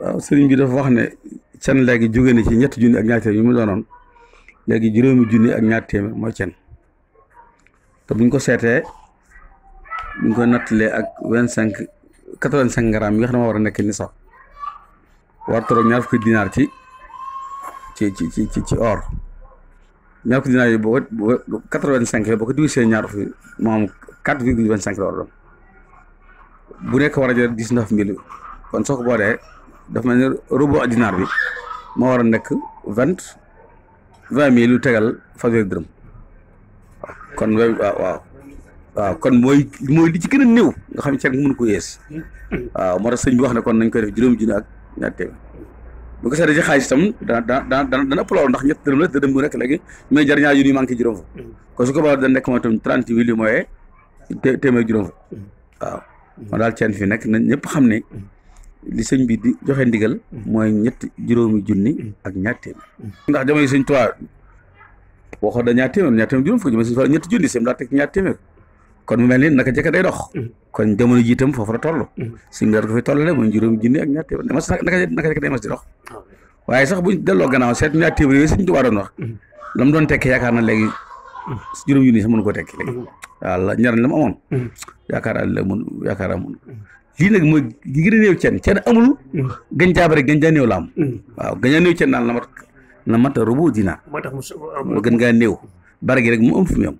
waaw sëriñ bi dafa wax ne sen léegi jóge na ci ñetti junni ak ñaar téeméer yi mu doonoon léegi juróomi junni ak ñaar téeméer mooy can te buñ ko seetee buñ ko nattalee ak vingt cinq quatre vingt cinq grammes yi nga xam ne moo war a ci ci ci ci ci or ñaar fukki yi boo ko boo ko divisé ñaar fukki moom quatre virgule vingt cinq la war bu nekk war a jël dix neuf mille kon soo ko boolee dafa ma ne rubu dinaar bi moo war a nekk vingt vingt mille lu tegal fanweeri dërëm kon waaw waaw kon mooy mooy li ci gën a néew nga xam ne ceeb mënu ko yees waaw moo tax sëñ bi wax ne kon nañ koy def juróomi junni ak ñaar téeméer bu ko seetee ci xaalis itam dana dana dana dana ëpp loolu nekk léegi mais jar ñaar yu ni manqué juróom fa kon su ko baax dana nekk moom itam trente mille yu mooy téeméer juróom fa waaw. moo daal ceen fi nekk nañ ñëpp xam ne li sëñ bi di joxe ndigal mm. mooy ñetti juróomi junni mm. ak ñaar téeméer mm. ndax jamono sëñ Tuubaa waxoon da ñaar téeméer ñaar téeméer juróom fukk jamono sëñ Tuubaa ñetti junni sëñ daa teg ñaar téeméer kon mu mel ni naka jëkk day dox kon jamono ji itam foofu la toll sëñ bi daal ko fay tollale mooy juróomi junni ak ñaar téeméer mas naka jëkk day mas di dox ah. waaye sax bu delloo gannaaw seet ñaar téeméer yooyu sëñ Tuubaa doon wax la mu doon tekki yaakaar na léegi juróom junni sax mënu ko tekki léegi waaw la njariñ la mu amoon yaakaar la mun yaakaar amoon lii nag mooy li gën a néew cen cen amul mm. gañ jaaba rek gañ jaa néew la am mm. waaw gañ jaa néew cen na la mat la mat a robo dina moo gën ngaa néew bare gi rek mu am fu